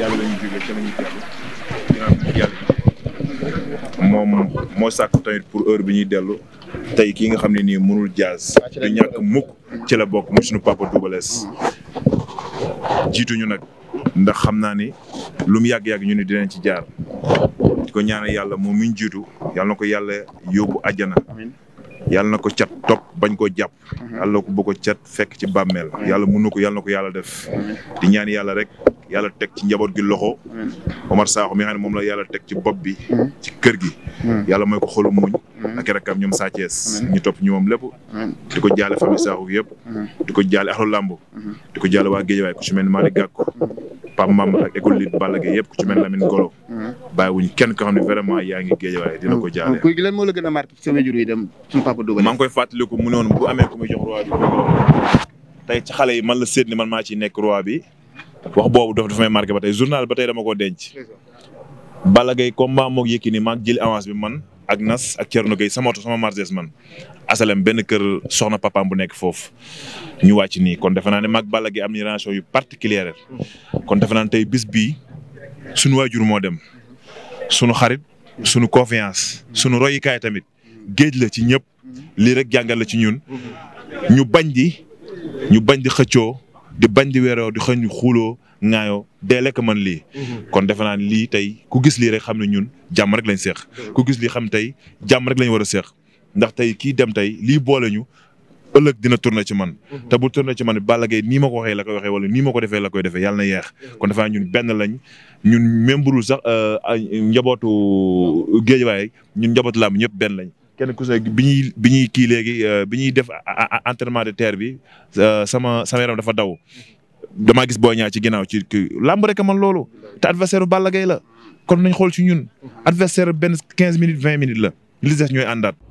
yàlla la ñu jógee moom moo sàkk tamit pour heure bi ñuy dellu tey kii nga xam ne nii mënul jaaz du ñàkk mukk ci la bokk mu suñu papa Double Less jiituñu nag ndax xam naa ni lu mu yàgg-yàgg ñu ne dinañ ci jaar ko ñaanal yàlla moom mi jiitu yàlla na ko yàlla yóbbu àjjana yàlla na ko cat topp bañ koo jàpp yàlla ko bu ko cat fekk ci bàmmeel yàlla mun na ko yàlla ko yàlla def di ñaan yàlla rek yàlla teg ci njaboot gi loxo. Omar Sakho mi nga xam ne moom la yàlla teg ci bopp bi. ci kër gi. yàlla mooy ko xolu muñ. ak rakam ñoom Sa Thiès. ñu topp ñu moom lépp. di ko jaale famille Sakho yëpp. di ko jaale axlu lambo di ko jaale waa Guédiawaye ku ci mel ni Malick Gakou. Pape Mamba ak école Lille Balla ku ci mel ni Lamine Golo. bàyyiwuñ kenn ko xam ne vraiment yaa ngi Guédiawaye dina ko jaale. kuy gi lan moo la gën a marqué ci sama jur dem sama ngi koy fàttaliku mu noonu bu amee ku muy jox roi xale yi man la seet ni man maa ciy nekk roi bi wax boobu dafa dafa may marqué ba tey journal ba tey dama koo denc. Balla Gaye combat moog Yékini maag jëli avance bi man ak Nas ak Thierno Gueye sama oto sama marges man asalem benn kër soxna papaam bu nekk foofu ñu wàcc nii kon defe naa ne maag Balla Gaye am na relation yu particulière kon defe naa ne tey bis bii sunu waajur moo dem sunu xarit sunu confiance sunu royukaay tamit géej la ci ñëpp lii rek jàngal la ci ñun ñu bañ di ñu bañ di xëccoo. di bañ di weeroo di xëñ xuuloo ŋaayoo dee lekk man lii. Mhm. kon defe naa lii tey ku gis lii rek xam ne ñun jàmm rek lañ seex. Mhm. ku gis lii xam tey jàmm rek lañ war a seex ndax tey kii dem tey lii boole ñu ëllëg dina tourné ci man. Mhm. te bu tourné ci man Balla Gaye nii ma ko waxee la koy waxee wala nii ma ko defee la koy defee yàlla na yeex. kon defe ñun benn lañ ñun membre sax euh, njabootu géej géejawaay ñun njabootu lam ñëpp benn lañ. kenn ku si bi ñuy bi ñuy kii léegi euh, bi ñuy def entraînement de terre bi euh, sama sama yaram dafa daw dama gis Boy Niang ci ginnaaw ci làmb rek man loolu te adversaire bu Balla Gaye la kon nañ xool ci ñun adversaire benn quinze minutes vingt minutes la li des ñooy àndaat.